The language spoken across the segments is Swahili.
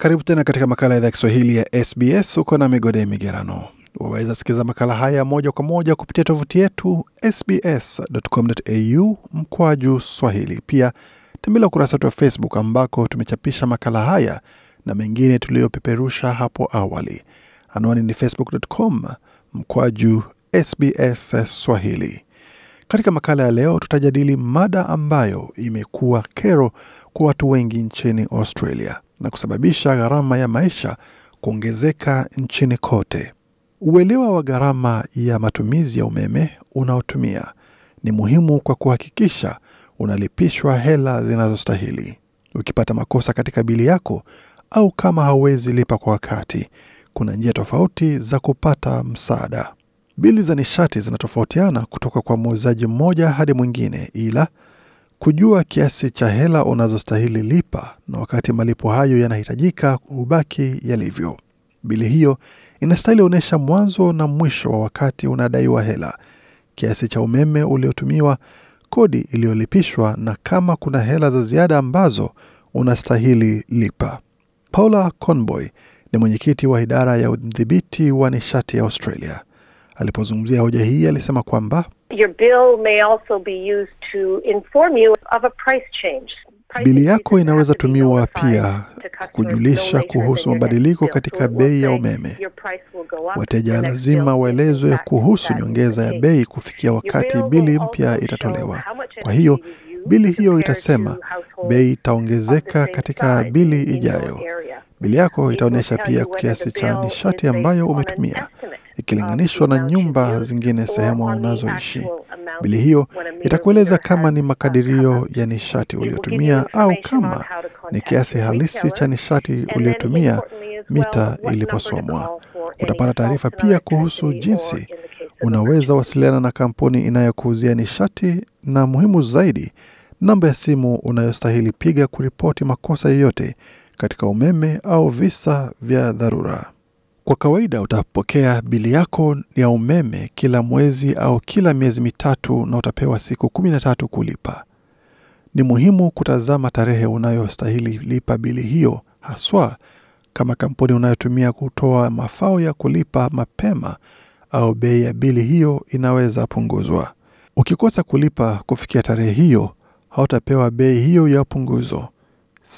Karibu tena katika makala ya idhaa ya Kiswahili ya SBS. Uko na Migode Migerano. Waweza sikiliza makala haya moja kwa moja kupitia tovuti yetu sbs.com.au mkwaju swahili. Pia tembelea ukurasa wetu wa Facebook ambako tumechapisha makala haya na mengine tuliyopeperusha hapo awali. Anwani ni facebook.com mkwaju sbs swahili. Katika makala ya leo tutajadili mada ambayo imekuwa kero kwa watu wengi nchini Australia na kusababisha gharama ya maisha kuongezeka nchini kote. Uelewa wa gharama ya matumizi ya umeme unaotumia ni muhimu kwa kuhakikisha unalipishwa hela zinazostahili. Ukipata makosa katika bili yako au kama hauwezi lipa kwa wakati, kuna njia tofauti za kupata msaada. Bili za nishati zinatofautiana kutoka kwa muuzaji mmoja hadi mwingine, ila kujua kiasi cha hela unazostahili lipa na wakati malipo hayo yanahitajika hubaki yalivyo. Bili hiyo inastahili onyesha mwanzo na mwisho wa wakati unadaiwa hela, kiasi cha umeme uliotumiwa, kodi iliyolipishwa na kama kuna hela za ziada ambazo unastahili lipa. Paula Conboy ni mwenyekiti wa idara ya udhibiti wa nishati ya Australia. Alipozungumzia hoja hii, alisema kwamba bili yako inaweza tumiwa pia kujulisha kuhusu mabadiliko katika bei ya umeme. Wateja lazima waelezwe kuhusu nyongeza ya bei kufikia wakati bili mpya itatolewa. Kwa hiyo bili hiyo itasema bei itaongezeka katika bili ijayo. Bili yako itaonyesha pia kiasi cha nishati ambayo umetumia ikilinganishwa na nyumba zingine sehemu unazoishi. Bili hiyo itakueleza kama ni makadirio ya nishati uliotumia au kama ni kiasi halisi cha nishati uliotumia mita iliposomwa. Utapata taarifa pia kuhusu jinsi unaweza wasiliana na kampuni inayokuuzia nishati na muhimu zaidi, namba ya simu unayostahili piga kuripoti makosa yoyote katika umeme au visa vya dharura. Kwa kawaida utapokea bili yako ya umeme kila mwezi au kila miezi mitatu na utapewa siku kumi na tatu kulipa. Ni muhimu kutazama tarehe unayostahili lipa bili hiyo, haswa kama kampuni unayotumia kutoa mafao ya kulipa mapema au bei ya bili hiyo inaweza punguzwa. Ukikosa kulipa kufikia tarehe hiyo, hautapewa bei hiyo ya punguzo.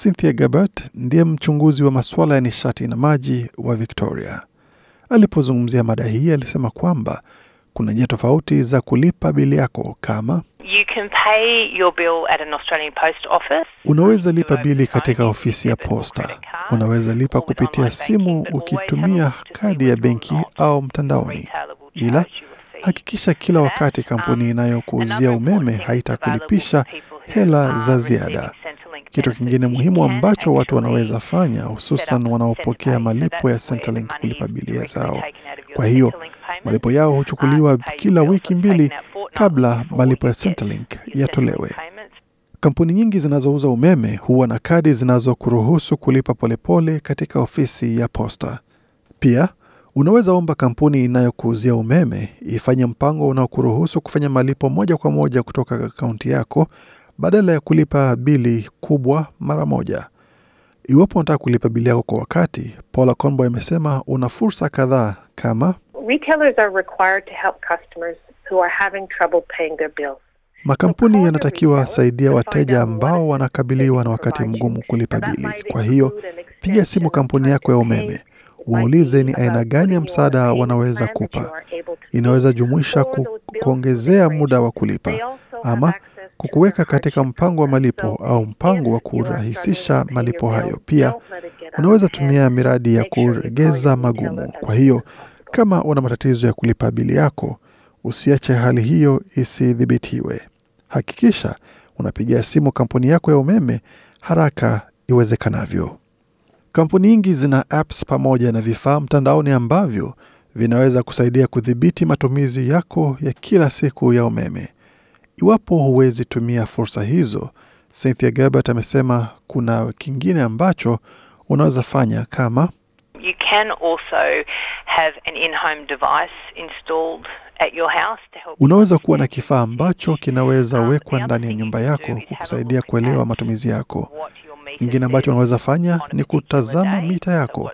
Cynthia gabert ndiye mchunguzi wa masuala ya nishati na maji wa Victoria. Alipozungumzia mada hii, alisema kwamba kuna njia tofauti za kulipa bili yako kama Unaweza lipa bili katika ofisi ya posta. Unaweza lipa kupitia simu ukitumia kadi ya benki au mtandaoni, ila hakikisha kila wakati um, kampuni inayokuuzia umeme haitakulipisha hela za ziada. Kitu kingine muhimu ambacho watu wanaweza fanya, hususan wanaopokea malipo ya Centrelink, kulipa bili zao. Kwa hiyo malipo yao huchukuliwa kila wiki mbili kabla malipo ya Centrelink yatolewe. Kampuni nyingi zinazouza umeme huwa na kadi zinazokuruhusu kulipa polepole katika ofisi ya posta. Pia unaweza omba kampuni inayokuuzia umeme ifanye mpango unaokuruhusu kufanya malipo moja kwa moja kutoka akaunti yako badala ya kulipa bili kubwa mara moja. Iwapo unataka kulipa bili yako kwa wakati, Paula Conboy amesema una fursa kadhaa kama Makampuni yanatakiwa saidia wateja ambao wanakabiliwa na wakati mgumu kulipa bili. Kwa hiyo piga simu kampuni yako ya umeme, waulize ni aina gani ya msaada wanaweza kupa. Inaweza jumuisha ku, kuongezea muda wa kulipa ama kukuweka katika mpango wa malipo au mpango wa kurahisisha malipo hayo. Pia unaweza tumia miradi ya kuregeza magumu. Kwa hiyo kama una matatizo ya kulipa bili yako, usiache hali hiyo isidhibitiwe. Hakikisha unapigia simu kampuni yako ya umeme haraka iwezekanavyo. Kampuni nyingi zina apps pamoja na vifaa mtandaoni ambavyo vinaweza kusaidia kudhibiti matumizi yako ya kila siku ya umeme iwapo huwezi tumia fursa hizo. Cynthia gabert amesema kuna kingine ambacho unaweza fanya kama You can also have an in-home device installed at your house to help. Unaweza kuwa na kifaa ambacho kinaweza um, wekwa ndani ya nyumba yako kukusaidia kuelewa matumizi yako. Kingine ambacho unaweza fanya ni kutazama mita yako,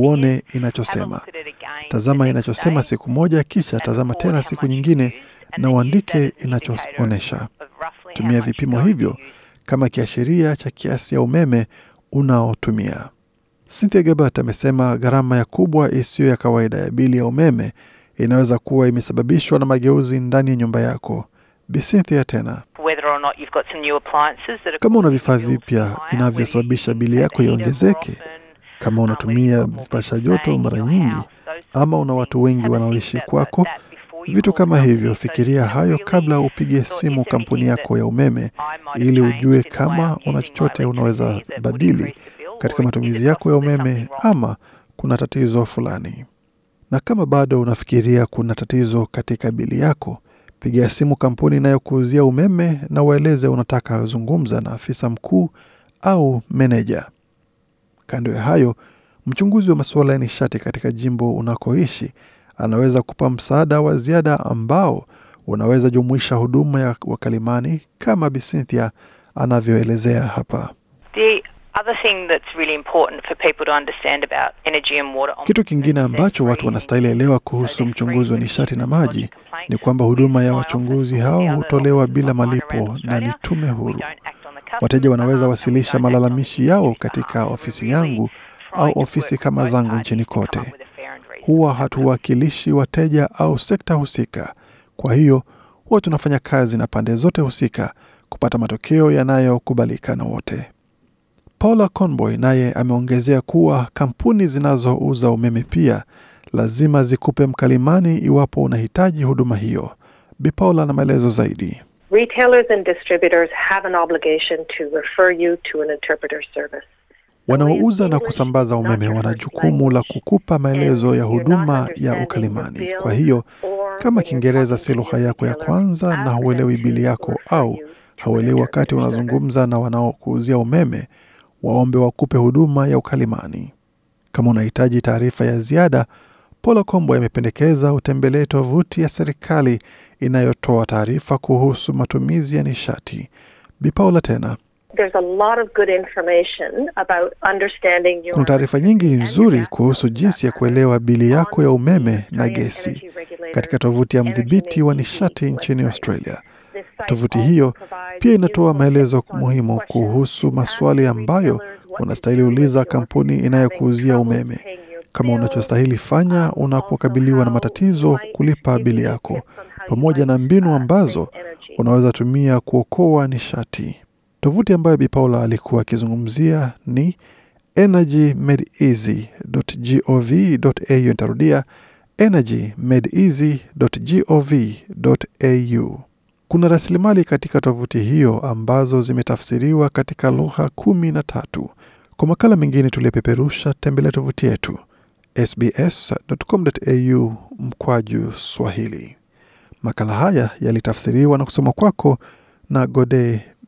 uone inachosema. Tazama inachosema siku moja, kisha tazama tena siku nyingine na uandike inachoonyesha. Tumia vipimo hivyo kama kiashiria cha kiasi ya umeme unaotumia. Cynthia Gebert amesema gharama ya kubwa isiyo ya kawaida ya bili ya umeme inaweza kuwa imesababishwa na mageuzi ndani ya nyumba yako. Bi Cynthia tena kama una vifaa vipya inavyosababisha bili yako iongezeke, kama uh, unatumia vipasha joto mara nyingi, ama una watu wengi wanaoishi kwako vitu kama hivyo. Fikiria hayo kabla upige simu kampuni yako ya umeme, ili ujue kama una chochote unaweza badili katika matumizi yako ya umeme, ama kuna tatizo fulani. Na kama bado unafikiria kuna tatizo katika bili yako, piga simu kampuni inayokuuzia umeme na waeleze unataka zungumza na afisa mkuu au meneja. Kando ya hayo, mchunguzi wa masuala ya nishati katika jimbo unakoishi anaweza kupa msaada wa ziada ambao unaweza jumuisha huduma ya wakalimani kama bisinthia anavyoelezea hapa. Kitu kingine ambacho watu wanastahili elewa kuhusu mchunguzi wa nishati na maji ni kwamba huduma ya wachunguzi hao hutolewa bila malipo na ni tume huru. Wateja wanaweza wasilisha malalamishi yao katika ofisi yangu au ofisi kama zangu nchini kote huwa hatuwakilishi wateja au sekta husika. Kwa hiyo huwa tunafanya kazi na pande zote husika kupata matokeo yanayokubalika na wote. Paula Conboy naye ameongezea kuwa kampuni zinazouza umeme pia lazima zikupe mkalimani iwapo unahitaji huduma hiyo. Bi Paula na maelezo zaidi. Retailers and distributors have an obligation to refer you to an interpreter service. Wanaouza na kusambaza umeme wana jukumu la kukupa maelezo ya huduma ya ukalimani. Kwa hiyo kama Kiingereza si lugha yako ya kwanza na hauelewi bili yako au hauelewi wakati unazungumza na wanaokuuzia umeme, waombe wakupe huduma ya ukalimani. Kama unahitaji taarifa ya ziada, Paula Kombo yamependekeza utembelee tovuti ya serikali inayotoa taarifa kuhusu matumizi ya nishati. bipaula tena kuna taarifa nyingi nzuri kuhusu uh, jinsi ya kuelewa bili yako ya umeme na gesi katika tovuti ya mdhibiti wa nishati nchini Australia. Tovuti hiyo pia inatoa maelezo muhimu kuhusu maswali ambayo unastahili uliza kampuni inayokuuzia umeme, kama unachostahili fanya um, unapokabiliwa na matatizo kulipa bili yako, pamoja na mbinu ambazo unaweza tumia kuokoa nishati. Tovuti ambayo Bi Paula alikuwa akizungumzia ni energymadeeasy.gov.au. Nitarudia, energymadeeasy.gov.au. Kuna rasilimali katika tovuti hiyo ambazo zimetafsiriwa katika lugha kumi na tatu. Kwa makala mengine tuliyopeperusha, tembelea tovuti yetu sbs.com.au mkwaju Swahili. Makala haya yalitafsiriwa na kusoma kwako na Gode